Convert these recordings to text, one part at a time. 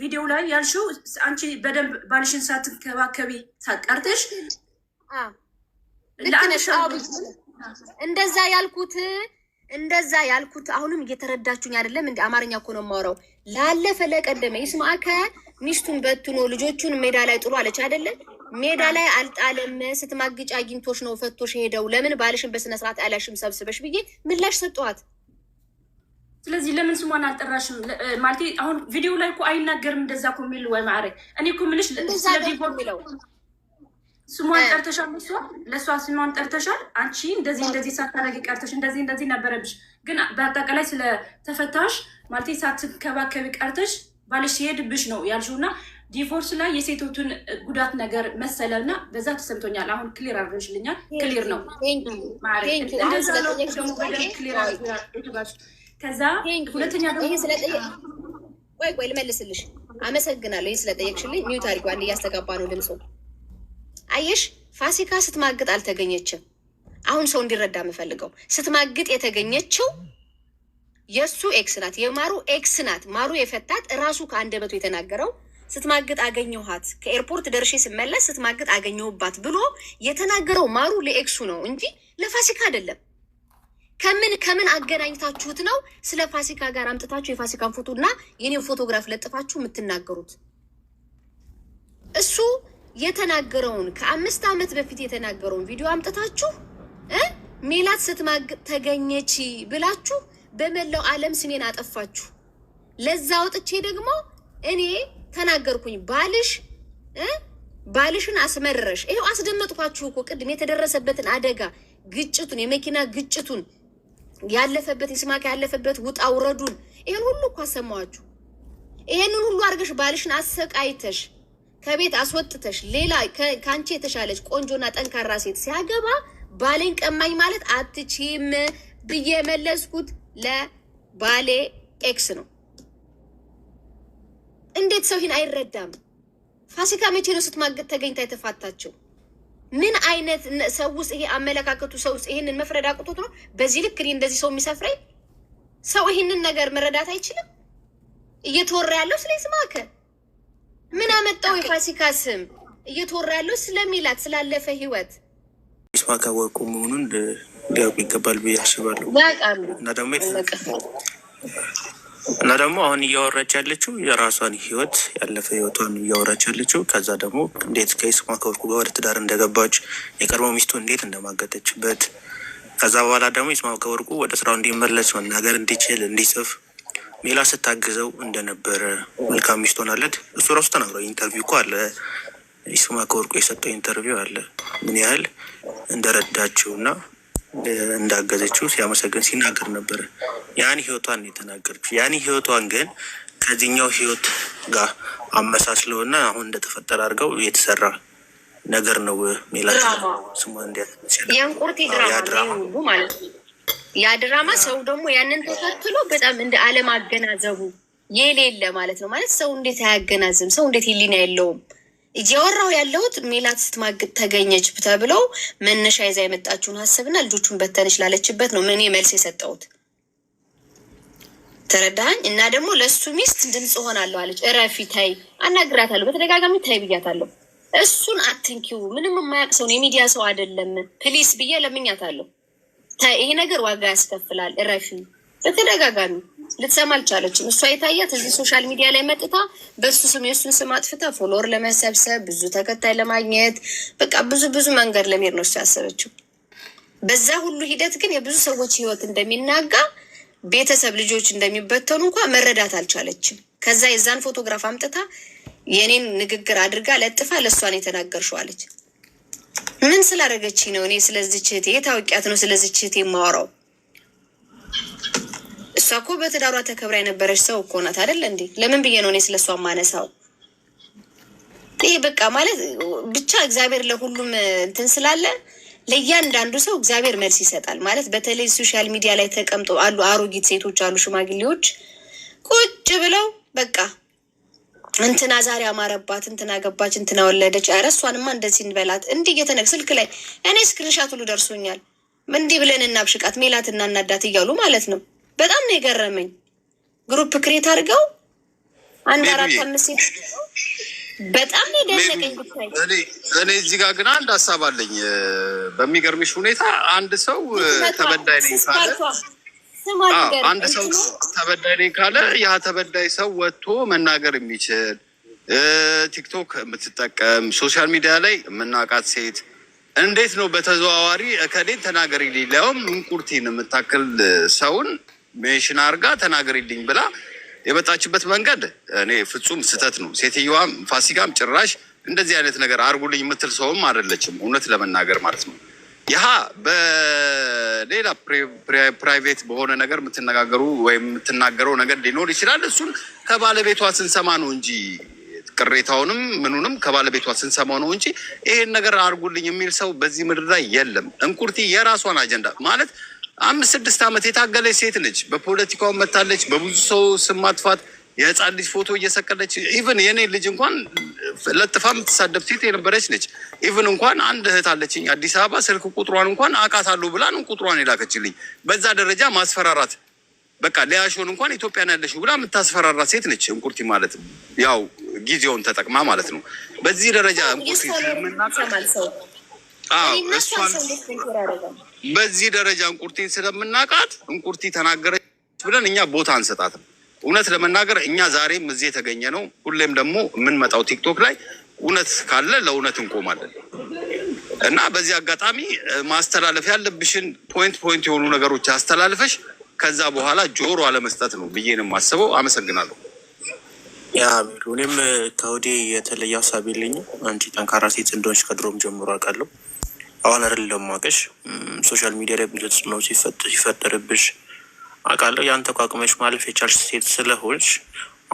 ቪዲዮ ላይ ያልሽው አንቺ በደንብ ባልሽን ሳትንከባከቢ ሳቀርተሽ እንደዛ ያልኩት እንደዛ ያልኩት አሁንም እየተረዳችሁኝ አይደለም። እንዲ አማርኛ እኮ ነው የማወራው። ላለፈ ለቀደመ ይስማከ ሚስቱን በትኖ ልጆቹን ሜዳ ላይ ጥሎ አለች አይደለም። ሜዳ ላይ አልጣለም። ስትማግጫ አግኝቶሽ ነው ፈቶሽ ሄደው። ለምን ባልሽን በስነስርዓት አላሽም ሰብስበሽ ብዬ ምላሽ ሰጠኋት። ስለዚህ ለምን ስሟን አልጠራሽም? ማለት አሁን ቪዲዮ ላይ እኮ አይናገርም እንደዛ እኮ የሚል ወይ ማዕረግ እኔ እኮ ምንሽ ስለሚለው ስሟን ጠርተሻል፣ እሷ ለእሷ ስሟን ጠርተሻል። አንቺ እንደዚህ እንደዚህ ሳታረጊ ቀርተሽ እንደዚህ እንደዚህ ነበረብሽ። ግን በአጠቃላይ ስለተፈታሽ ማለት ሳትከባከቢ ቀርተሽ ባልሽ ሲሄድብሽ ነው ያልሽው እና ዲቮርስ ላይ የሴቶቱን ጉዳት ነገር መሰለ እና በዛ ተሰምቶኛል። አሁን ክሊር አድርገሽልኛል። ክሊር ነው ማዕረግ እንደዛ ነው ደግሞ ክሊር ከዛ ሁለተኛ ደግሞ ወይ ወይ ልመልስልሽ። አመሰግናለሁ ይህ ስለጠየቅሽልኝ። ሚዩት አድርጊው አንድ እያስተጋባ ነው ድምፁ። አየሽ ፋሲካ ስትማግጥ አልተገኘችም። አሁን ሰው እንዲረዳ የምፈልገው ስትማግጥ የተገኘችው የእሱ ኤክስ ናት፣ የማሩ ኤክስ ናት። ማሩ የፈታት እራሱ ከአንደበቱ የተናገረው ስትማግጥ አገኘኋት፣ ከኤርፖርት ደርሼ ስመለስ ስትማግጥ አገኘሁባት ብሎ የተናገረው ማሩ ለኤክሱ ነው እንጂ ለፋሲካ አይደለም። ከምን ከምን አገናኝታችሁት ነው ስለ ፋሲካ ጋር አምጥታችሁ የፋሲካን ፎቶ እና የኔን ፎቶግራፍ ለጥፋችሁ የምትናገሩት? እሱ የተናገረውን ከአምስት ዓመት በፊት የተናገረውን ቪዲዮ አምጥታችሁ ሜላት ስትማግ ተገኘች ብላችሁ በመላው ዓለም ስሜን አጠፋችሁ። ለዛ ወጥቼ ደግሞ እኔ ተናገርኩኝ። ባልሽ ባልሽን አስመረሽ። ይኸው አስደመጥኳችሁ እኮ ቅድም የተደረሰበትን አደጋ ግጭቱን የመኪና ግጭቱን ያለፈበት ይስማክ ያለፈበት ውጣ ውረዱን ይህን ሁሉ እኮ አሰማዋችሁ። ይህንን ሁሉ አድርገሽ ባልሽን አሰቃይተሽ ከቤት አስወጥተሽ ሌላ ከአንቺ የተሻለች ቆንጆና ጠንካራ ሴት ሲያገባ ባሌን ቀማኝ ማለት አትችም ብዬ የመለስኩት ለባሌ ኤክስ ነው። እንዴት ሰው ይህን አይረዳም? ፋሲካ መቼ ነው ስትማገጥ ተገኝታ የተፋታቸው? ምን አይነት ሰው ውስጥ ይሄ አመለካከቱ ሰው ውስጥ ይሄንን መፍረድ አቅቶት ነው በዚህ ልክ እኔ እንደዚህ ሰው የሚሰፍረኝ ሰው ይህንን ነገር መረዳት አይችልም። እየተወራ ያለው ስለ ይስማከ ምን አመጣው የፋሲካ ስም እየተወራ ያለው ስለሚላት ስላለፈ ህይወት ይስማከ ወርቁ መሆኑን ሊያውቁ ይገባል ብዬ አስባለሁ እና ደግሞ እና ደግሞ አሁን እያወራች ያለችው የራሷን ህይወት ያለፈ ህይወቷን እያወራች ያለችው ከዛ ደግሞ እንዴት ከይስማዕከ ወርቁ ጋር ወደ ትዳር እንደገባች የቀድሞ ሚስቱ እንዴት እንደማገጠችበት ከዛ በኋላ ደግሞ ይስማዕከ ወርቁ ወደ ስራው እንዲመለስ መናገር እንዲችል እንዲጽፍ ሜላ ስታግዘው እንደነበረ መልካም ሚስት ሆናለት። እሱ ራሱ ተናግሯል። ኢንተርቪው እኮ አለ ይስማዕከ ወርቁ የሰጠው ኢንተርቪው አለ ምን ያህል እንደረዳችው እና እንዳገዘችው ሲያመሰግን ሲናገር ነበረ። ያን ህይወቷን የተናገረችው ያን ህይወቷን ግን ከዚህኛው ህይወት ጋር አመሳስለውና አሁን እንደተፈጠረ አድርገው የተሰራ ነገር ነው። ሜላት ስሙ ድራማ ማለት ያ ድራማ ሰው ደግሞ ያንን ተከትሎ በጣም እንደ አገናዘቡ የሌለ ማለት ነው። ማለት ሰው እንዴት አያገናዝም? ሰው እንዴት ህሊና የለውም? እያወራሁ ያለሁት ሜላት ስትማግጥ ተገኘች ተብለው መነሻ ይዛ የመጣችውን ሀሳብና ልጆቹን በተነች ላለችበት ነው እኔ መልስ የሰጠሁት። ተረዳኝ። እና ደግሞ ለእሱ ሚስት ድምፅ ሆናለሁ አለች። እረፊ ታይ፣ አናግራታለሁ፣ በተደጋጋሚ ታይ ብያታለሁ። እሱን አትንኪው፣ ምንም የማያውቅ ሰውን የሚዲያ ሰው አይደለም ፕሊስ ብዬ ለምኛታለሁ። ይሄ ነገር ዋጋ ያስከፍላል፣ እረፊ በተደጋጋሚ ልትሰማ አልቻለችም። እሷ የታያት እዚህ ሶሻል ሚዲያ ላይ መጥታ በሱ ስም የእሱን ስም አጥፍታ ፎሎወር ለመሰብሰብ ብዙ ተከታይ ለማግኘት በቃ ብዙ ብዙ መንገድ ለመሄድ ነው እሱ ያሰበችው። በዛ ሁሉ ሂደት ግን የብዙ ሰዎች ህይወት እንደሚናጋ ቤተሰብ ልጆች እንደሚበተኑ እንኳ መረዳት አልቻለችም። ከዛ የዛን ፎቶግራፍ አምጥታ የኔን ንግግር አድርጋ ለጥፋ ለእሷን የተናገርሸዋለች ምን ስላደረገች ነው እኔ ስለዚች እህቴ የታወቂያት ነው ስለዚች እህቴ የማወራው እሷ እኮ በትዳሯ ተከብራ የነበረች ሰው እኮ ናት አይደል እንዴ? ለምን ብዬ ነው እኔ ስለ እሷ ማነሳው? ይሄ በቃ ማለት ብቻ እግዚአብሔር ለሁሉም እንትን ስላለ ለእያንዳንዱ ሰው እግዚአብሔር መልስ ይሰጣል። ማለት በተለይ ሶሻል ሚዲያ ላይ ተቀምጦ አሉ አሮጊት ሴቶች አሉ፣ ሽማግሌዎች ቁጭ ብለው በቃ እንትና ዛሬ አማረባት፣ እንትና ገባች፣ እንትና ወለደች፣ ኧረ እሷንማ እንደዚህ እንበላት እንዲህ እየተነግ ስልክ ላይ እኔ ስክሪንሻት ሁሉ ደርሶኛል። እንዲህ ብለን እናብሽቃት ሜላት እናዳት እያሉ ማለት ነው በጣም ነው የገረመኝ። ግሩፕ ክሬት አድርገው አንድ አራት አምስት ሴት በጣም ነው የደነቀኝ። እኔ እዚህ ጋር ግን አንድ ሀሳብ አለኝ። በሚገርምሽ ሁኔታ አንድ ሰው ተበዳይ ነኝ ካለ አንድ ሰው ተበዳይ ነኝ ካለ ያ ተበዳይ ሰው ወጥቶ መናገር የሚችል ቲክቶክ የምትጠቀም ሶሻል ሚዲያ ላይ የምናውቃት ሴት እንዴት ነው በተዘዋዋሪ እከሌን ተናገሪ ሊለውም እንቁርቲን የምታክል ሰውን ሜንሽን አድርጋ ተናገሪልኝ ብላ የመጣችበት መንገድ እኔ ፍጹም ስህተት ነው። ሴትዮዋም ፋሲካም ጭራሽ እንደዚህ አይነት ነገር አድርጉልኝ የምትል ሰውም አይደለችም፣ እውነት ለመናገር ማለት ነው። ይሀ በሌላ ፕራይቬት በሆነ ነገር የምትነጋገሩ ወይም የምትናገረው ነገር ሊኖር ይችላል። እሱን ከባለቤቷ ስንሰማ ነው እንጂ ቅሬታውንም ምኑንም ከባለቤቷ ስንሰማው ነው እንጂ ይሄን ነገር አርጉልኝ የሚል ሰው በዚህ ምድር ላይ የለም። እንቁርቲ የራሷን አጀንዳ ማለት አምስት ስድስት ዓመት የታገለች ሴት ነች። በፖለቲካው መታለች። በብዙ ሰው ስም ማጥፋት የህፃን ልጅ ፎቶ እየሰቀለች ኢቨን የኔ ልጅ እንኳን ለጥፋ የምትሳደብ ሴት የነበረች ነች። ኢቨን እንኳን አንድ እህት አለችኝ አዲስ አበባ ስልክ ቁጥሯን እንኳን አውቃታለሁ ብላ ነው ቁጥሯን የላከችልኝ። በዛ ደረጃ ማስፈራራት በቃ ሊያሾን እንኳን ኢትዮጵያን ያለሽ ብላ የምታስፈራራት ሴት ነች። እንቁርቲ ማለት ያው ጊዜውን ተጠቅማ ማለት ነው። በዚህ ደረጃ እንቁርቲ ምናሰማል ሰው እሷን በዚህ ደረጃ እንቁርቲን ስለምናውቃት እንቁርቲ ተናገረች ብለን እኛ ቦታ አንሰጣትም። እውነት ለመናገር እኛ ዛሬም እዚህ የተገኘ ነው። ሁሌም ደግሞ የምንመጣው ቲክቶክ ላይ እውነት ካለ ለእውነት እንቆማለን እና በዚህ አጋጣሚ ማስተላለፍ ያለብሽን ፖይንት ፖይንት የሆኑ ነገሮች አስተላልፈሽ ከዛ በኋላ ጆሮ አለመስጠት ነው ብዬን ማስበው የማስበው። አመሰግናለሁ። ያ እኔም ከወዲህ የተለየ ሀሳብ የለኝም። አንቺ ጠንካራ ሴት እንደሆንሽ ከድሮም ጀምሮ አውቃለሁ። አሁን አይደለም ማቀሽ ሶሻል ሚዲያ ላይ ብዙ ተጽዕኖ ሲፈጠርብሽ አውቃለሁ። ያን ተቋቁመሽ ማለፍ የቻልሽ ሴት ስለሆንሽ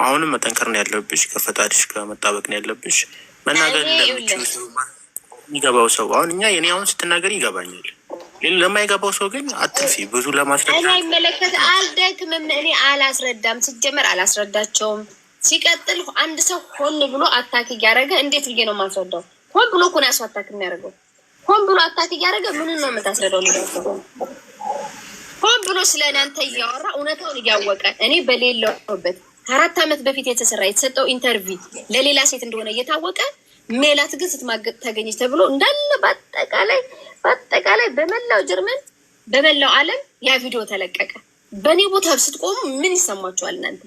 አሁንም መጠንከር ነው ያለብሽ። ከፈጣሪሽ ጋር መጣበቅ ነው ያለብሽ። መናገር ለሚገባው ሰው አሁን እኛ የኔ አሁን ስትናገር ይገባኛል። ለማይገባው ሰው ግን አትልፊ። ብዙ ለማስረዳ እኔ አይመለከት አልደግምም። እኔ አላስረዳም፣ ሲጀመር አላስረዳቸውም። ሲቀጥል አንድ ሰው ሆን ብሎ አታክ እያደረገ እንዴት ብዬ ነው የማስረዳው? ሆን ብሎ እኮ ነው ያሱ አታክ የሚያደርገው ሆን ብሎ አታክ እያደረገ ምን ነው የምታስረዳው? ሆን ብሎ ስለ እናንተ እያወራ እውነታውን እያወቀ እኔ በሌለውበት ከአራት ዓመት በፊት የተሰራ የተሰጠው ኢንተርቪው ለሌላ ሴት እንደሆነ እየታወቀ ሜላት ግን ስትማገጥ ተገኘች ተብሎ እንዳለ በአጠቃላይ በአጠቃላይ በመላው ጀርመን በመላው ዓለም ያ ቪዲዮ ተለቀቀ። በእኔ ቦታ ስትቆሙ ምን ይሰማችኋል እናንተ?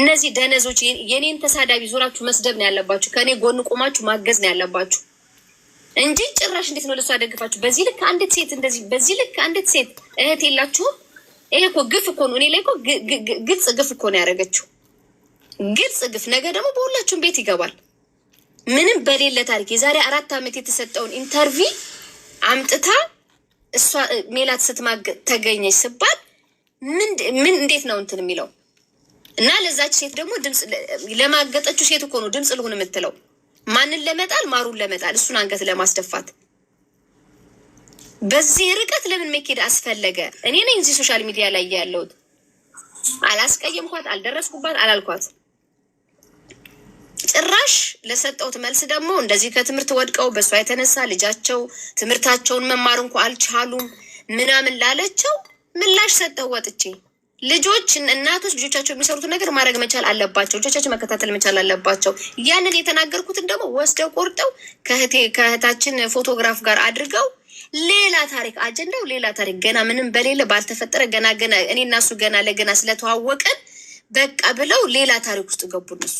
እነዚህ ደነዞች የኔን ተሳዳቢ ዙራችሁ መስደብ ነው ያለባችሁ። ከእኔ ጎን ቆማችሁ ማገዝ ነው ያለባችሁ። እንጂ ጭራሽ እንዴት ነው ለሷ ያደግፋችሁ? በዚህ ልክ አንዲት ሴት እንደዚህ በዚህ ልክ አንዲት ሴት እህት የላችሁም? ይሄ እኮ ግፍ እኮ ነው። እኔ ላይ እኮ ግልጽ ግፍ እኮ ነው ያደረገችው፣ ግልጽ ግፍ። ነገ ደግሞ በሁላችሁም ቤት ይገባል። ምንም በሌለ ታሪክ የዛሬ አራት ዓመት የተሰጠውን ኢንተርቪ አምጥታ እሷ ሜላት ስትማግ ተገኘች ስባል ምን እንዴት ነው እንትን የሚለው እና ለዛች ሴት ደግሞ ድምፅ ለማገጠችው ሴት እኮ ነው ድምፅ ልሁን የምትለው ማንን ለመጣል? ማሩን ለመጣል፣ እሱን አንገት ለማስደፋት። በዚህ ርቀት ለምን መኬድ አስፈለገ? እኔ ነኝ እዚህ ሶሻል ሚዲያ ላይ ያለሁት። አላስቀየምኳት፣ አልደረስኩባት፣ አላልኳት። ጭራሽ ለሰጠሁት መልስ ደግሞ እንደዚህ ከትምህርት ወድቀው በእሷ የተነሳ ልጃቸው ትምህርታቸውን መማር እንኳ አልቻሉም ምናምን ላለችው ምላሽ ሰጠው ወጥቼ ልጆች እናቶች ልጆቻቸው የሚሰሩትን ነገር ማድረግ መቻል አለባቸው። ልጆቻቸው መከታተል መቻል አለባቸው። ያንን የተናገርኩትን ደግሞ ወስደው ቆርጠው ከእህታችን ፎቶግራፍ ጋር አድርገው ሌላ ታሪክ አጀንዳው ሌላ ታሪክ ገና ምንም በሌለ ባልተፈጠረ ገና ገና እኔ እና እሱ ገና ለገና ስለተዋወቀን በቃ ብለው ሌላ ታሪክ ውስጥ ገቡ እነሱ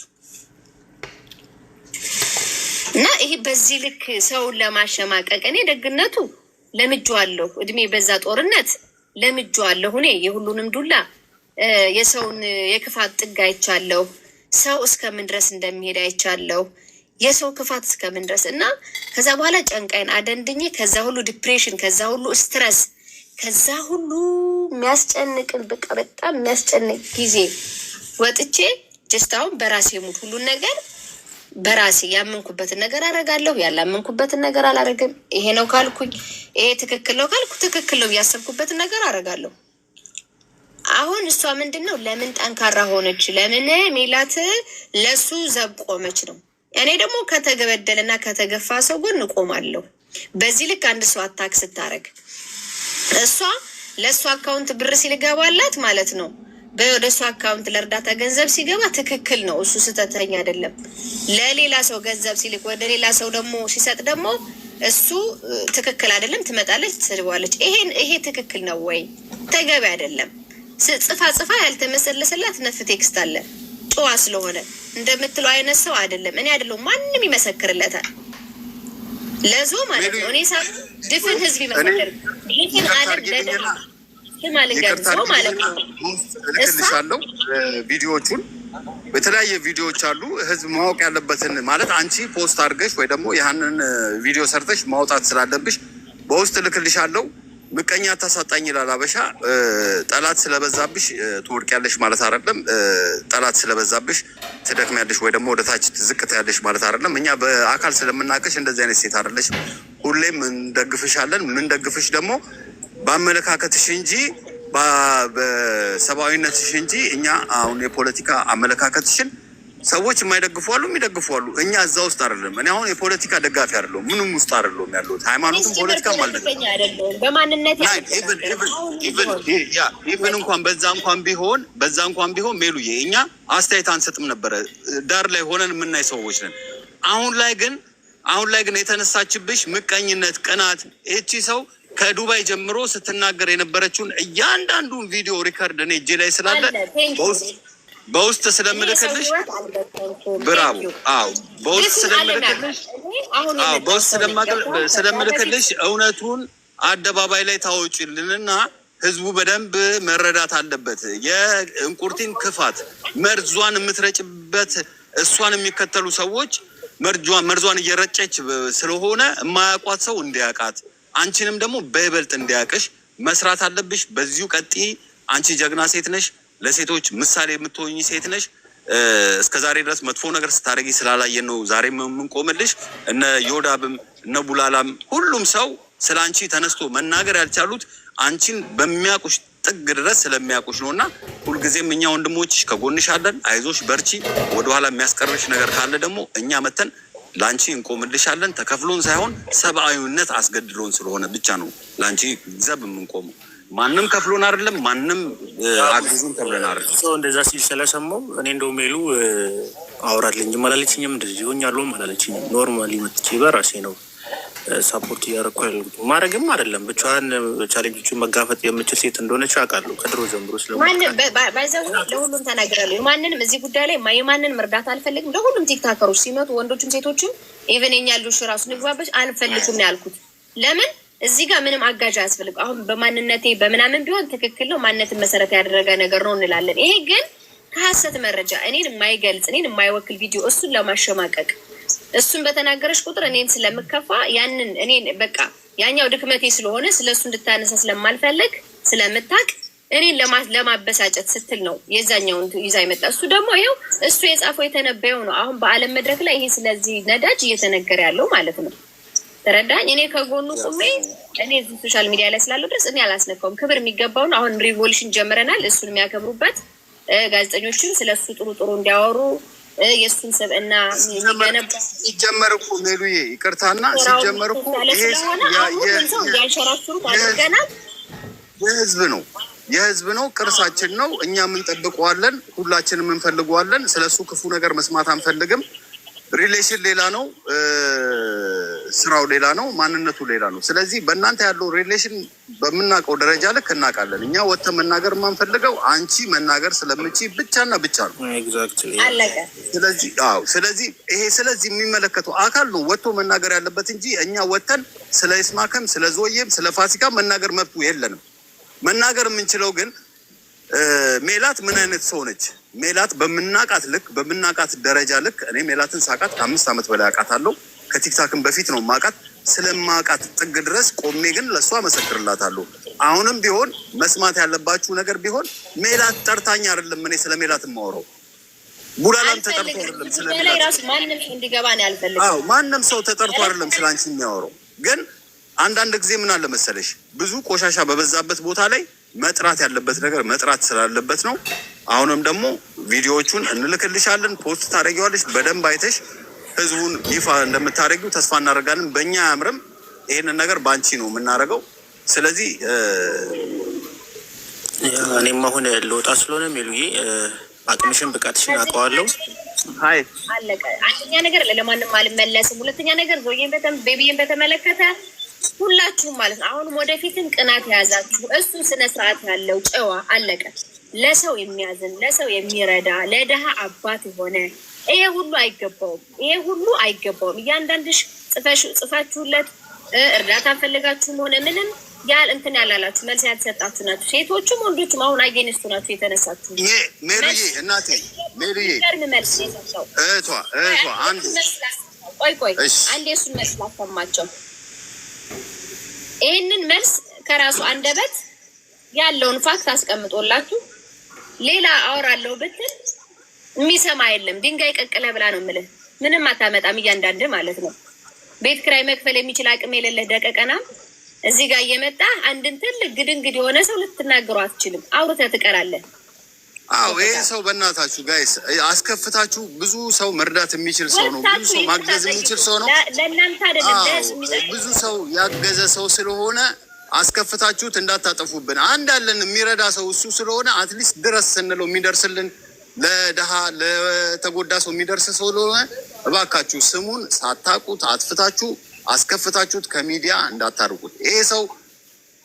እና ይሄ በዚህ ልክ ሰውን ለማሸማቀቅ እኔ ደግነቱ ለምጄዋለሁ። እድሜ በዛ ጦርነት ለምጆ አለሁ እኔ የሁሉንም ዱላ የሰውን የክፋት ጥግ አይቻለሁ። ሰው እስከምን ድረስ እንደሚሄድ አይቻለሁ። የሰው ክፋት እስከምን ድረስ እና ከዛ በኋላ ጨንቃይን አደንድኜ ከዛ ሁሉ ዲፕሬሽን፣ ከዛ ሁሉ ስትረስ፣ ከዛ ሁሉ የሚያስጨንቅን በቃ በጣም የሚያስጨንቅ ጊዜ ወጥቼ ጀስታውን በራሴ ሙድ ሁሉን ነገር በራሴ ያመንኩበትን ነገር አደርጋለሁ፣ ያላመንኩበትን ነገር አላደርግም። ይሄ ነው ካልኩኝ ይሄ ትክክል ነው ካልኩ ትክክል ነው፣ ያሰብኩበትን ነገር አደርጋለሁ። አሁን እሷ ምንድን ነው ለምን ጠንካራ ሆነች? ለምን ሜላት ለሱ ዘብ ቆመች ነው። እኔ ደግሞ ከተገበደለና ከተገፋ ሰው ጎን እቆማለሁ። በዚህ ልክ አንድ ሰው አታክ ስታደርግ እሷ ለእሱ አካውንት ብር ሲል ገባላት ማለት ነው በርዕስ አካውንት ለእርዳታ ገንዘብ ሲገባ ትክክል ነው። እሱ ስህተተኛ አይደለም። ለሌላ ሰው ገንዘብ ሲልክ ወደ ሌላ ሰው ደግሞ ሲሰጥ ደግሞ እሱ ትክክል አይደለም። ትመጣለች፣ ትስድባለች። ይሄን ይሄ ትክክል ነው ወይ ተገቢ አይደለም። ጽፋ ጽፋ ያልተመሰለሰላት ነፍ ቴክስት አለ። ጨዋ ስለሆነ እንደምትለው አይነት ሰው አይደለም። እኔ አይደለሁም ማንም ይመሰክርለታል። ለዞ ማለት ነው እኔ ድፍን ህዝብ ይመሰክር ይህን አለም ይቅርታለው እልክልሻለሁ። ቪዲዮቹን የተለያየ ቪዲዮዎች አሉ። ህዝብ ማወቅ ያለበትን ማለት አንቺ ፖስት አድርገሽ ወይ ደግሞ ያንን ቪዲዮ ሰርተሽ ማውጣት ስላለብሽ በውስጥ እልክልሻለሁ። ምቀኛ ታሳጣኝ ይላል አበሻ። ጠላት ስለበዛብሽ ትወድቂያለሽ ማለት አይደለም። ጠላት ስለበዛብሽ ትደክሚያለሽ ወይ ደግሞ ወደታች ዝቅት ያለሽ ማለት አይደለም። እኛ በአካል ስለምናቀሽ እንደዚህ አይነት ሴት አይደለሽ። ሁሌም እንደግፍሻለን። ምንደግፍሽ ደግሞ በአመለካከትሽ እንጂ በሰብአዊነትሽ እንጂ እኛ አሁን የፖለቲካ አመለካከትሽን ሰዎች የማይደግፉ አሉ፣ የሚደግፉ አሉ። እኛ እዛ ውስጥ አይደለም። እኔ አሁን የፖለቲካ ደጋፊ አይደለሁም፣ ምንም ውስጥ አይደለሁም ያለሁት። ሃይማኖትም ፖለቲካ ኢቨን እንኳን በዛ እንኳን ቢሆን በዛ እንኳን ቢሆን ሜሉዬ እኛ አስተያየት አንሰጥም ነበረ፣ ዳር ላይ ሆነን የምናይ ሰዎች ነን። አሁን ላይ ግን አሁን ላይ ግን የተነሳችብሽ ምቀኝነት፣ ቅናት ይቺ ሰው ከዱባይ ጀምሮ ስትናገር የነበረችውን እያንዳንዱን ቪዲዮ ሪከርድ እኔ እጄ ላይ ስላለ በውስጥ ስለምልክልሽ ብራቦ። አዎ፣ በውስጥ ስለምልክልሽ በውስጥ ስለምልክልሽ እውነቱን አደባባይ ላይ ታወጭልንና ህዝቡ በደንብ መረዳት አለበት። የእንቁርቲን ክፋት መርዟን የምትረጭበት እሷን የሚከተሉ ሰዎች መርዟን እየረጨች ስለሆነ የማያውቋት ሰው እንዲያውቃት አንቺንም ደግሞ በይበልጥ እንዲያቀሽ መስራት አለብሽ። በዚሁ ቀጥይ። አንቺ ጀግና ሴት ነሽ፣ ለሴቶች ምሳሌ የምትሆኝ ሴት ነሽ። እስከ ዛሬ ድረስ መጥፎ ነገር ስታደርጊ ስላላየን ነው ዛሬ የምንቆምልሽ። እነ ዮዳብም እነ ቡላላም ሁሉም ሰው ስለ አንቺ ተነስቶ መናገር ያልቻሉት አንቺን በሚያውቁሽ ጥግ ድረስ ስለሚያውቁሽ ነው እና ሁልጊዜም እኛ ወንድሞች ከጎንሽ አለን። አይዞሽ፣ በርቺ። ወደኋላ የሚያስቀርብሽ ነገር ካለ ደግሞ እኛ መተን ለአንቺ እንቆምልሻለን ተከፍሎን ሳይሆን ሰብአዊነት አስገድሎን ስለሆነ ብቻ ነው ለአንቺ ዘብ የምንቆመው። ማንም ከፍሎን አይደለም፣ ማንም አግዙን ተብለን አይደለም። እንደዛ ሲል ስለሰማው እኔ እንደው ሜሉ አውራልኝ አላለችኝም፣ እንደዚህ ሆኛለሁም አላለችኝም። ኖርማሊ መጥቼ በራሴ ነው ሳፖርት እያደረኩ ያለሁት ማድረግም አይደለም ብቻዋን ቻሌንጆቹ መጋፈጥ የምችል ሴት እንደሆነች አውቃለሁ። ከድሮ ጀምሮ ስለባይዘው ለሁሉም ተናግራለሁ። ማንንም እዚህ ጉዳይ ላይ የማንንም እርዳታ አልፈልግም። ለሁሉም ቲክታከሮች ሲመጡ ወንዶችም ሴቶችም ኢቨን የኛ ልጆች ራሱ ንግባበች አልፈልጉም ያልኩት ለምን እዚህ ጋር ምንም አጋዥ አያስፈልግም። አሁን በማንነቴ በምናምን ቢሆን ትክክል ነው፣ ማንነትን መሰረት ያደረገ ነገር ነው እንላለን። ይሄ ግን ከሀሰት መረጃ እኔን የማይገልጽ እኔን የማይወክል ቪዲዮ እሱን ለማሸማቀቅ እሱን በተናገረች ቁጥር እኔን ስለምከፋ ያንን እኔን በቃ ያኛው ድክመቴ ስለሆነ ስለ እሱ እንድታነሳ ስለማልፈልግ ስለምታቅ እኔን ለማበሳጨት ስትል ነው የዛኛውን ይዛ ይመጣ። እሱ ደግሞ ይኸው እሱ የጻፈው የተነበየው ነው። አሁን በዓለም መድረክ ላይ ይሄ ስለዚህ ነዳጅ እየተነገረ ያለው ማለት ነው። ተረዳኝ። እኔ ከጎኑ ቁሜ እኔ ሶሻል ሚዲያ ላይ ስላለው ድረስ እኔ አላስነካውም። ክብር የሚገባው አሁን ሪቮሉሽን ጀምረናል። እሱን የሚያከብሩበት ጋዜጠኞችን ስለሱ ጥሩ ጥሩ እንዲያወሩ የእሱን ስብዕና ሲጀመር እኮ ሜሉዬ ይቅርታና ሲጀመር እኮ የህዝብ ነው የህዝብ ነው ቅርሳችን ነው። እኛም እንጠብቀዋለን፣ ሁላችንም እንፈልገዋለን። ስለሱ ክፉ ነገር መስማት አንፈልግም። ሪሌሽን ሌላ ነው፣ ስራው ሌላ ነው፣ ማንነቱ ሌላ ነው። ስለዚህ በእናንተ ያለው ሪሌሽን በምናውቀው ደረጃ ልክ እናውቃለን። እኛ ወጥተን መናገር የማንፈልገው አንቺ መናገር ስለምቺ ብቻና ብቻ ነው። ስለዚህ ይሄ ስለዚህ የሚመለከተው አካል ነው ወጥቶ መናገር ያለበት እንጂ እኛ ወጥተን ስለ ይስማከም ስለ ዞዬም ስለ ፋሲካ መናገር መብቱ የለንም። መናገር የምንችለው ግን ሜላት ምን አይነት ሰው ነች ሜላት በምናቃት ልክ በምናቃት ደረጃ ልክ እኔ ሜላትን ሳቃት ከአምስት ዓመት በላይ አውቃታለሁ። ከቲክታክን በፊት ነው ማቃት። ስለማቃት ጥግ ድረስ ቆሜ ግን ለእሷ መሰክርላታለሁ። አሁንም ቢሆን መስማት ያለባችሁ ነገር ቢሆን ሜላት ጠርታኝ አይደለም እኔ ስለ ሜላት የማወራው ቡላላም ተጠርቶ አይደለም ስለ ሜላት ማንም ሰው ተጠርቶ አይደለም ስለ አንቺ የሚያወራው። ግን አንዳንድ ጊዜ ምን አለ መሰለሽ ብዙ ቆሻሻ በበዛበት ቦታ ላይ መጥራት ያለበት ነገር መጥራት ስላለበት ነው። አሁንም ደግሞ ቪዲዮዎቹን እንልክልሻለን፣ ፖስት ታደረጊዋለች። በደንብ አይተሽ ህዝቡን ይፋ እንደምታደረጊው ተስፋ እናደርጋለን። በእኛ አያምርም። ይህንን ነገር በአንቺ ነው የምናደርገው። ስለዚህ እኔም አሁን ልወጣ ስለሆነ ሜሉዬ አቅምሽን ብቃትሽን አውቀዋለሁ። ሀይ አለቀ። አንደኛ ነገር ለማንም አልመለስም። ሁለተኛ ነገር ዞዬን ቤቢዬን በተመለከተ ሁላችሁም ማለት ነው አሁንም ወደፊትም ቅናት የያዛችሁ እሱ ስነ ስርዓት ያለው ጨዋ አለቀ። ለሰው የሚያዝን ለሰው የሚረዳ ለድሃ አባት የሆነ ይሄ ሁሉ አይገባውም። ይሄ ሁሉ አይገባውም። እያንዳንድሽ ጽፋችሁለት እርዳታ ፈልጋችሁም ሆነ ምንም ያል እንትን ያላላችሁ መልስ ያልተሰጣችሁ ናችሁ። ሴቶቹም ወንዶችም አሁን አጌንስቱ ናችሁ የተነሳችሁ። ሜሪዬ እናቴ ሜሪዬ መልስ ሰው እህቷ እህቷ ቆይ ቆይ መልስ ላሰማቸው። ይህንን መልስ ከራሱ አንደበት ያለውን ፋክት አስቀምጦላችሁ ሌላ አወራለሁ ብትል የሚሰማ የለም። ድንጋይ ቀቅለ ብላ ነው የምልህ። ምንም አታመጣም። እያንዳንድ ማለት ነው ቤት ክራይ መክፈል የሚችል አቅም የሌለህ ደቀቀና እዚህ ጋር እየመጣ አንድን ትልቅ ግድንግድ የሆነ ሰው ልትናገሩ አትችልም። አውርተህ ትቀራለህ። አዎ ይሄ ሰው በእናታችሁ ጋይስ አስከፍታችሁ። ብዙ ሰው መርዳት የሚችል ሰው ነው። ብዙ ሰው ማገዝ የሚችል ሰው ነው። ብዙ ሰው ያገዘ ሰው ስለሆነ አስከፍታችሁት እንዳታጠፉብን። አንድ አለን የሚረዳ ሰው እሱ ስለሆነ አትሊስት ድረስ ስንለው የሚደርስልን ለድሃ ለተጎዳ ሰው የሚደርስ ሰው ስለሆነ እባካችሁ ስሙን ሳታቁት አጥፍታችሁ አስከፍታችሁት ከሚዲያ እንዳታርጉት። ይሄ ሰው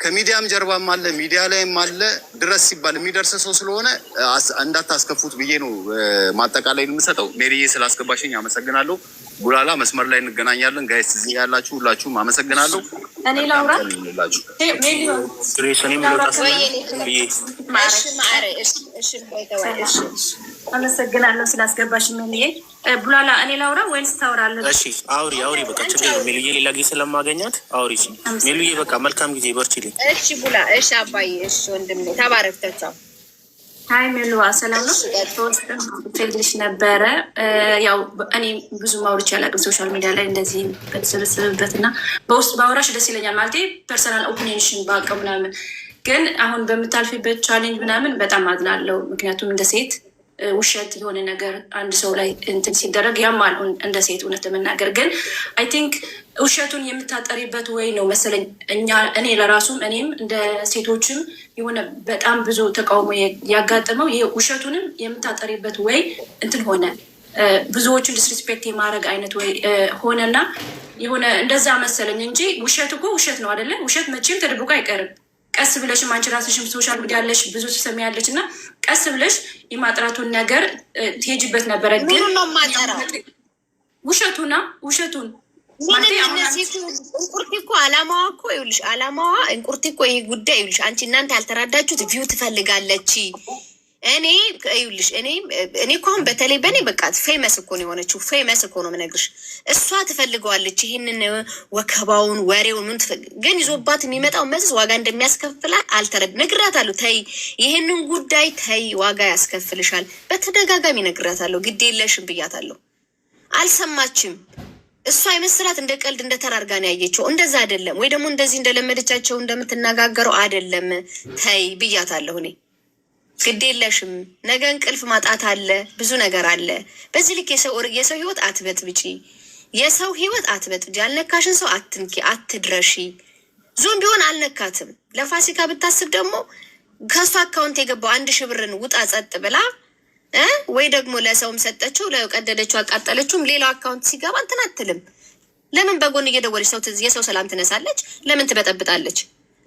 ከሚዲያም ጀርባም አለ ሚዲያ ላይም አለ ድረስ ሲባል የሚደርስ ሰው ስለሆነ እንዳታስከፉት ብዬ ነው ማጠቃላይ የምሰጠው። ሜሪዬ ስላስገባሽኝ አመሰግናለሁ። ጉላላ መስመር ላይ እንገናኛለን። ጋይስ እዚህ ያላችሁ ሁላችሁም አመሰግናለሁ። እኔ ላውራ አመሰግናለሁ ስላስገባሽ። ሚልዬ ቡላላ እኔ ላውራ ወይንስ ታወራለች? እሺ አውሪ አውሪ፣ በቃ ችግር ነው። ሌላ ጊዜ ስለማገኛት አውሪ። ሚልዬ በቃ መልካም ጊዜ፣ በርቺልኝ። እሺ ቡላ፣ እሺ አባዬ፣ እሺ ወንድም፣ ተባረክተቻው ሀይ ሜሉዋ ሰላም ነው። ፌልሽ ነበረ። ያው እኔ ብዙ ማውርቼ አላውቅም ሶሻል ሚዲያ ላይ እንደዚህ በተሰበሰብበት እና በውስጥ በአውራሽ ደስ ይለኛል ማለት ፐርሰናል ኦፒኒሽን በአቀ ምናምን፣ ግን አሁን በምታልፊበት ቻሌንጅ ምናምን በጣም አዝናለሁ። ምክንያቱም እንደ ሴት ውሸት የሆነ ነገር አንድ ሰው ላይ እንትን ሲደረግ ያማል። እንደ ሴት እውነት ለመናገር ግን አይ ቲንክ ውሸቱን የምታጠሪበት ወይ ነው መሰለኝ። እኛ እኔ ለራሱም እኔም እንደ ሴቶችም የሆነ በጣም ብዙ ተቃውሞ ያጋጠመው ይሄ ውሸቱንም የምታጠሪበት ወይ እንትን ሆነ ብዙዎቹን ዲስሪስፔክት የማድረግ አይነት ወይ ሆነና የሆነ እንደዛ መሰለኝ እንጂ ውሸት እኮ ውሸት ነው አይደለም። ውሸት መቼም ተደብቆ አይቀርም። ቀስ ብለሽም አንቺ ራስሽም ሶሻል ሚዲያ ያለሽ ብዙ ስሰሚ ያለች እና ቀስ ብለሽ የማጥራቱን ነገር ትሄጅበት ነበረ። ግን ውሸቱና ውሸቱን እንቁርቲ እኮ አላማዋ እኮ ይኸውልሽ፣ አላማዋ እንቁርቲ እኮ ይህ ጉዳይ ይኸውልሽ፣ አንቺ እናንተ ያልተራዳችሁት ቪው ትፈልጋለች እኔ እዩልሽ እኔ እኔ እኮ አሁን በተለይ በእኔ በቃ ፌመስ እኮ ነው የሆነችው። ፌመስ እኮ ነው የምነግርሽ። እሷ ትፈልገዋለች ይህንን ወከባውን፣ ወሬውን ምን ግን ይዞባት የሚመጣው መዘዝ ዋጋ እንደሚያስከፍላ አልተረድ ነግራታለሁ። ተይ ይህንን ጉዳይ ተይ፣ ዋጋ ያስከፍልሻል። በተደጋጋሚ ነግራታለሁ። ግድ የለሽም ብያታለሁ። አልሰማችም። እሷ የመሰላት እንደ ቀልድ እንደ ተራርጋ ነው ያየችው። እንደዛ አይደለም ወይ ደግሞ እንደዚህ እንደለመደቻቸው እንደምትነጋገረው አይደለም። ተይ ብያታለሁ እኔ የለሽም። ነገ እንቅልፍ ማጣት አለ፣ ብዙ ነገር አለ። በዚህ ልክ የሰው የሰው ህይወት አትበጥብጪ፣ የሰው ህይወት አትበጥብጪ። ያልነካሽን ሰው አትንኪ፣ አትድረሺ። ዞን ቢሆን አልነካትም። ለፋሲካ ብታስብ ደግሞ ከሱ አካውንት የገባው አንድ ሺህ ብርን ውጣ ጸጥ ብላ ወይ ደግሞ ለሰውም ሰጠችው፣ ለቀደደችው፣ አቃጠለችውም ሌላው አካውንት ሲገባ እንትን አትልም። ለምን በጎን እየደወለች ሰው የሰው ሰላም ትነሳለች? ለምን ትበጠብጣለች?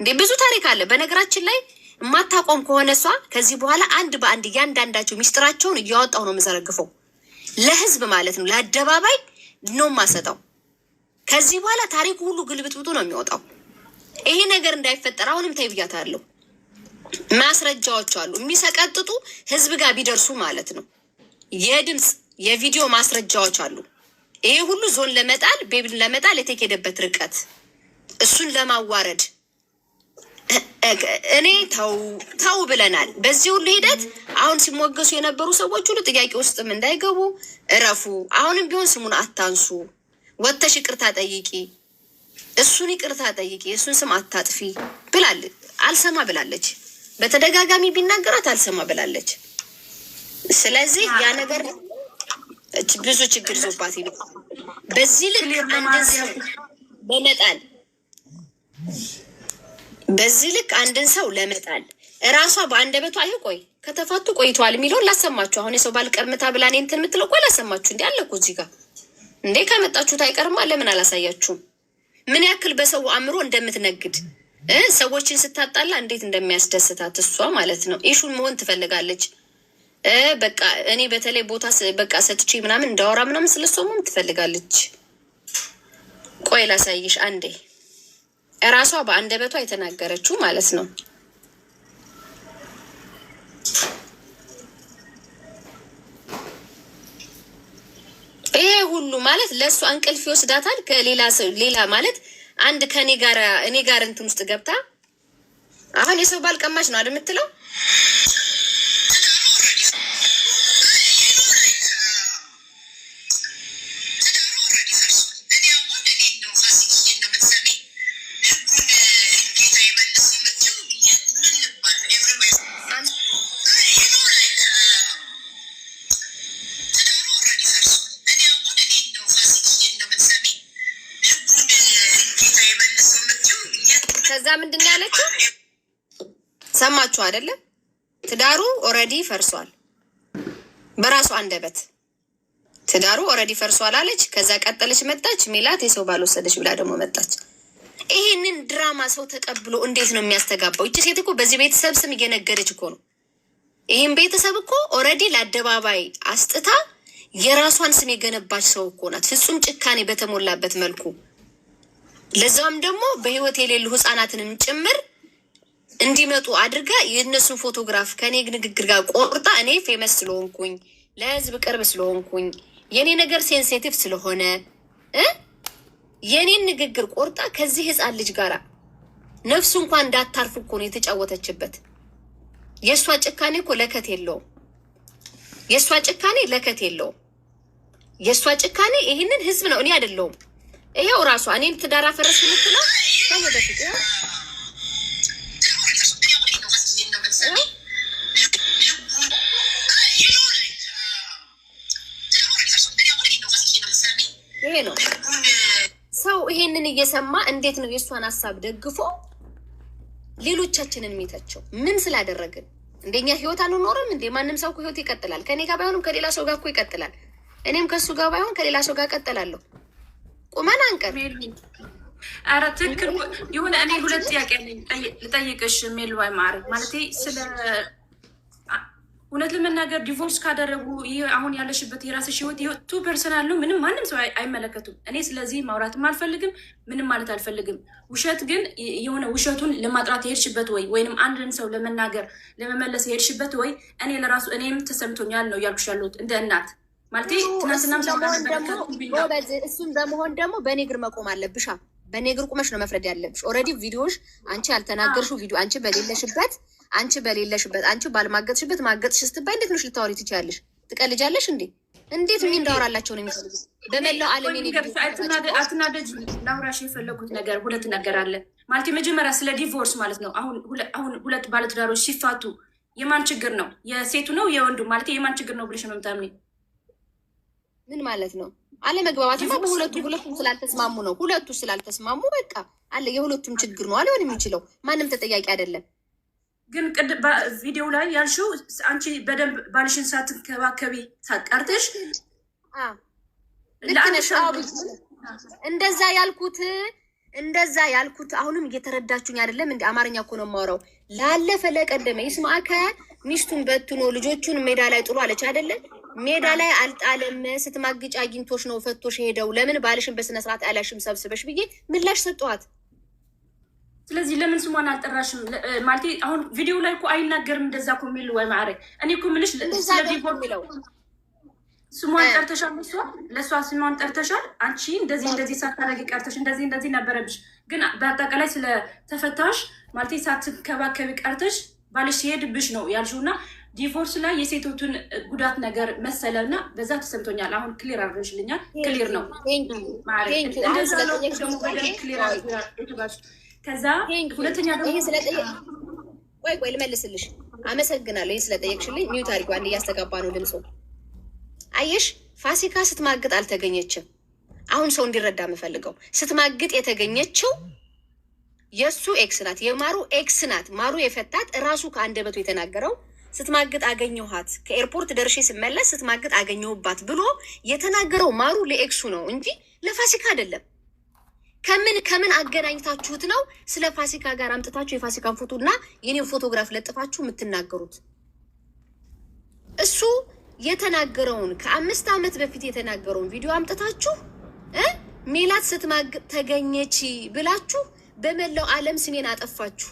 እንዴ ብዙ ታሪክ አለ በነገራችን ላይ የማታቆም ከሆነ እሷ ከዚህ በኋላ አንድ በአንድ እያንዳንዳቸው ሚስጥራቸውን እያወጣው ነው የምዘረግፈው ለህዝብ ማለት ነው። ለአደባባይ ነው የማሰጠው። ከዚህ በኋላ ታሪኩ ሁሉ ግልብጥብጡ ነው የሚወጣው። ይሄ ነገር እንዳይፈጠር አሁንም ተይ ማስረጃዎች አሉ የሚሰቀጥጡ ህዝብ ጋር ቢደርሱ ማለት ነው። የድምፅ የቪዲዮ ማስረጃዎች አሉ። ይሄ ሁሉ ዞን ለመጣል ቤብን ለመጣል የተኬደበት ርቀት እሱን ለማዋረድ እኔ ተው ተው ብለናል። በዚህ ሁሉ ሂደት አሁን ሲሞገሱ የነበሩ ሰዎች ሁሉ ጥያቄ ውስጥም እንዳይገቡ እረፉ። አሁንም ቢሆን ስሙን አታንሱ። ወተሽ ይቅርታ ጠይቂ፣ እሱን ይቅርታ ጠይቂ፣ እሱን ስም አታጥፊ ብላል። አልሰማ ብላለች። በተደጋጋሚ ቢናገራት አልሰማ ብላለች። ስለዚህ ያ ነገር ብዙ ችግር ይዞባት በዚህ ልክ አንድን በመጣል በዚህ ልክ አንድን ሰው ለመጣል እራሷ በአንደበቷ ይሄ ቆይ ከተፋቱ ቆይተዋል የሚለውን ላሰማችሁ። አሁን የሰው ባልቀርምታ ብላ እኔ እንትን የምትለው ቆይ ላሰማችሁ። እንዲ አለኩ እዚህ ጋር እንዴ ከመጣችሁት አይቀርማ ለምን አላሳያችሁም? ምን ያክል በሰው አእምሮ እንደምትነግድ ሰዎችን ስታጣላ እንዴት እንደሚያስደስታት እሷ ማለት ነው። ኢሹን መሆን ትፈልጋለች። በቃ እኔ በተለይ ቦታ በቃ ሰጥቼ ምናምን እንዳወራ ምናምን ስለሷ መሆን ትፈልጋለች። ቆይ ላሳይሽ አንዴ እራሷ በአንደበቷ የተናገረችው ማለት ነው። ይሄ ሁሉ ማለት ለእሷ እንቅልፍ ይወስዳታል። ከሌላ ሰው ሌላ ማለት አንድ ከኔ ጋር እኔ ጋር እንትን ውስጥ ገብታ አሁን የሰው ባልቀማች ነው አይደል የምትለው ሰማችሁ አይደለም? ትዳሩ ኦልሬዲ ፈርሷል። በራሱ አንደበት ትዳሩ ኦልሬዲ ፈርሷል አለች። ከዛ ቀጠለች፣ መጣች ሜላት የሰው ባል ወሰደች ብላ ደግሞ መጣች። ይሄንን ድራማ ሰው ተቀብሎ እንዴት ነው የሚያስተጋባው? ይቺ ሴት እኮ በዚህ ቤተሰብ ስም እየነገደች እኮ ነው። ይህን ቤተሰብ እኮ ኦልሬዲ ለአደባባይ አስጥታ የራሷን ስም የገነባች ሰው እኮ ናት። ፍጹም ጭካኔ በተሞላበት መልኩ ለዛውም ደግሞ በህይወት የሌሉ ህፃናትንም ጭምር እንዲመጡ አድርጋ የእነሱን ፎቶግራፍ ከእኔ ንግግር ጋር ቆርጣ እኔ ፌመስ ስለሆንኩኝ ለህዝብ ቅርብ ስለሆንኩኝ የእኔ ነገር ሴንሴቲቭ ስለሆነ የእኔን ንግግር ቆርጣ ከዚህ ህፃን ልጅ ጋራ ነፍሱ እንኳን እንዳታርፍ እኮ ነው የተጫወተችበት። የእሷ ጭካኔ እኮ ለከት የለውም። የእሷ ጭካኔ ለከት የለውም። የእሷ ጭካኔ ይህንን ህዝብ ነው፣ እኔ አይደለውም ይሄው ራሷ እኔን ትዳር አፈረስኩ የምትለው ከወደፊት እየሰማ እንዴት ነው የእሷን ሀሳብ ደግፎ ሌሎቻችንን የሚተቸው? ምን ስላደረግን? እንደኛ ህይወት አንኖርም እንዴ? ማንም ሰው ህይወት ይቀጥላል። ከእኔ ጋር ባይሆንም ከሌላ ሰው ጋር እኮ ይቀጥላል። እኔም ከእሱ ጋር ባይሆን ከሌላ ሰው ጋር እቀጥላለሁ። ቁመን አንቀር። አረ ትክክል የሆነ እኔ ሁለት ጥያቄ ልጠይቅሽ ሜልዋይ ማረግ ማለት ስለ እውነት ለመናገር ዲቮርስ ካደረጉ ይህ አሁን ያለሽበት የራስሽ ህይወት ቱ ፐርሰናል ነው። ምንም ማንም ሰው አይመለከቱም። እኔ ስለዚህ ማውራትም አልፈልግም፣ ምንም ማለት አልፈልግም። ውሸት ግን የሆነ ውሸቱን ለማጥራት የሄድሽበት ወይ ወይም አንድን ሰው ለመናገር ለመመለስ የሄድሽበት ወይ እኔ ለራሱ እኔም ተሰምቶኛል ነው እያልኩሽ ያለሁት እንደ እናት ማለት ትናንትናምሰበዝ እሱም በመሆን ደግሞ በእኔ እግር መቆም አለብሻ። በእኔ እግር ቁመሽ ነው መፍረድ ያለብሽ። ኦልሬዲ ቪዲዮሽ አንቺ ያልተናገርሽው ቪዲዮ አንቺ በሌለሽበት አንቺ በሌለሽበት አንቺ ባልማገጥሽበት ማገጥሽ ስትባይ እንዴት ነሽ ልታወሪ ትችያለሽ? ትቀልጃለሽ እንዴ? እንዴት ምን እንዳወራላቸው ነው የሚፈልጉት? በመላው ዓለም አትናደጅ። ላውራሽ የፈለጉት ነገር ሁለት ነገር አለ ማለት የመጀመሪያ ስለ ዲቮርስ ማለት ነው። አሁን ሁለት ባለትዳሮች ሲፋቱ የማን ችግር ነው? የሴቱ ነው የወንዱ? ማለት የማን ችግር ነው ብለሽ ነው ምታምኒ? ምን ማለት ነው? አለመግባባትማ በሁለቱ ሁለቱም ስላልተስማሙ ነው። ሁለቱ ስላልተስማሙ በቃ አለ የሁለቱም ችግር ነው አለሆን የሚችለው ማንም ተጠያቂ አይደለም። ግን ቪዲዮ ላይ ያልሽው አንቺ በደንብ ባልሽን ሳትንከባከቢ ሳትቀርተሽ እንደዛ ያልኩት እንደዛ ያልኩት አሁንም እየተረዳችሁኝ አይደለም። እንደ አማርኛ እኮ ነው የማወራው። ላለፈ ለቀደመ ይስማዕከ ሚስቱን በትኖ ልጆቹን ሜዳ ላይ ጥሎ አለች አይደለም። ሜዳ ላይ አልጣለም። ስትማግጫ አግኝቶሽ ነው ፈቶሽ ሄደው። ለምን ባልሽን በስነስርዓት አላሽም ሰብስበሽ ብዬ ምላሽ ሰጠዋት። ስለዚህ ለምን ስሟን አልጠራሽም? ማለት አሁን ቪዲዮ ላይ እኮ አይናገርም እንደዛ እኮ የሚል ወይ ማዕረግ እኔ እኮ ምንሽ ሚለው ስሟን ጠርተሻል፣ ለሷ ለእሷ ስሟን ጠርተሻል። አንቺ እንደዚህ እንደዚህ ሳታረጊ ቀርተሽ እንደዚህ እንደዚህ ነበረብሽ። ግን በአጠቃላይ ስለተፈታሽ ማለት ሳትንከባከቢ ቀርተሽ ባልሽ ሲሄድብሽ ነው ያልሽው እና ዲቮርስ ላይ የሴቶቱን ጉዳት ነገር መሰለ እና በዛ ተሰምቶኛል። አሁን ክሊር አድርገሽልኛል። ክሊር ነው ማዕረግ እንደዛ ነው ደግሞ ክሊር ከዛ ሁለተኛ ደግሞ ቆይ ቆይ ልመልስልሽ። አመሰግናለሁ። ስለጠየቅሽልኝ ሚዩት አድርጊው። አንድ እያስተጋባ ነው ድምፁ። አየሽ ፋሲካ ስትማግጥ አልተገኘችም። አሁን ሰው እንዲረዳ የምፈልገው ስትማግጥ የተገኘችው የእሱ ኤክስ ናት፣ የማሩ ኤክስ ናት። ማሩ የፈታት እራሱ ከአንደበቱ የተናገረው ስትማግጥ አገኘኋት፣ ከኤርፖርት ደርሼ ስመለስ ስትማግጥ አገኘሁባት ብሎ የተናገረው ማሩ ለኤክሱ ነው እንጂ ለፋሲካ አይደለም። ከምን ከምን አገናኝታችሁት ነው ስለ ፋሲካ ጋር አምጥታችሁ የፋሲካን ፎቶ እና የኔን ፎቶግራፍ ለጥፋችሁ የምትናገሩት? እሱ የተናገረውን ከአምስት ዓመት በፊት የተናገረውን ቪዲዮ አምጥታችሁ ሜላት ስትማግ ተገኘች ብላችሁ በመላው ዓለም ስሜን አጠፋችሁ።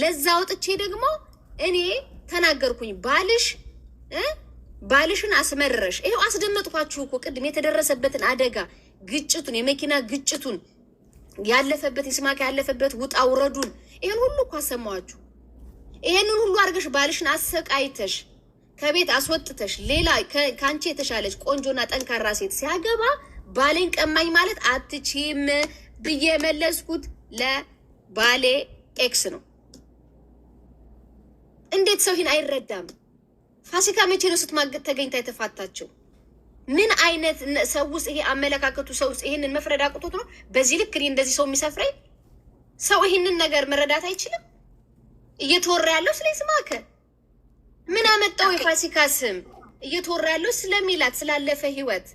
ለዛ ወጥቼ ደግሞ እኔ ተናገርኩኝ። ባልሽ ባልሽን አስመረሽ። ይሄው አስደመጥኳችሁ እኮ ቅድም የተደረሰበትን አደጋ ግጭቱን የመኪና ግጭቱን ያለፈበት ይስማክ ያለፈበት ውጣ ውረዱን ይሄን ሁሉ እኮ አሰማዋችሁ። ይሄንን ሁሉ አድርገሽ ባልሽን አሰቃይተሽ ከቤት አስወጥተሽ ሌላ ከአንቺ የተሻለች ቆንጆና ጠንካራ ሴት ሲያገባ ባሌን ቀማኝ ማለት አትችም ብዬ የመለስኩት ለባሌ ኤክስ ነው። እንዴት ሰው ይህን አይረዳም? ፋሲካ መቼ ነው ስትማገጥ ተገኝታ የተፋታቸው? ምን አይነት ሰው ውስጥ ይሄ አመለካከቱ ሰው ውስጥ ይሄንን መፍረድ አቅቶት ነው በዚህ ልክ እኔ እንደዚህ ሰው የሚሰፍረኝ ሰው ይሄንን ነገር መረዳት አይችልም። እየተወራ ያለው ስለ ይስማከ ምን አመጣው የፋሲካ ስም እየተወራ ያለው ስለሚላት ስላለፈ ህይወት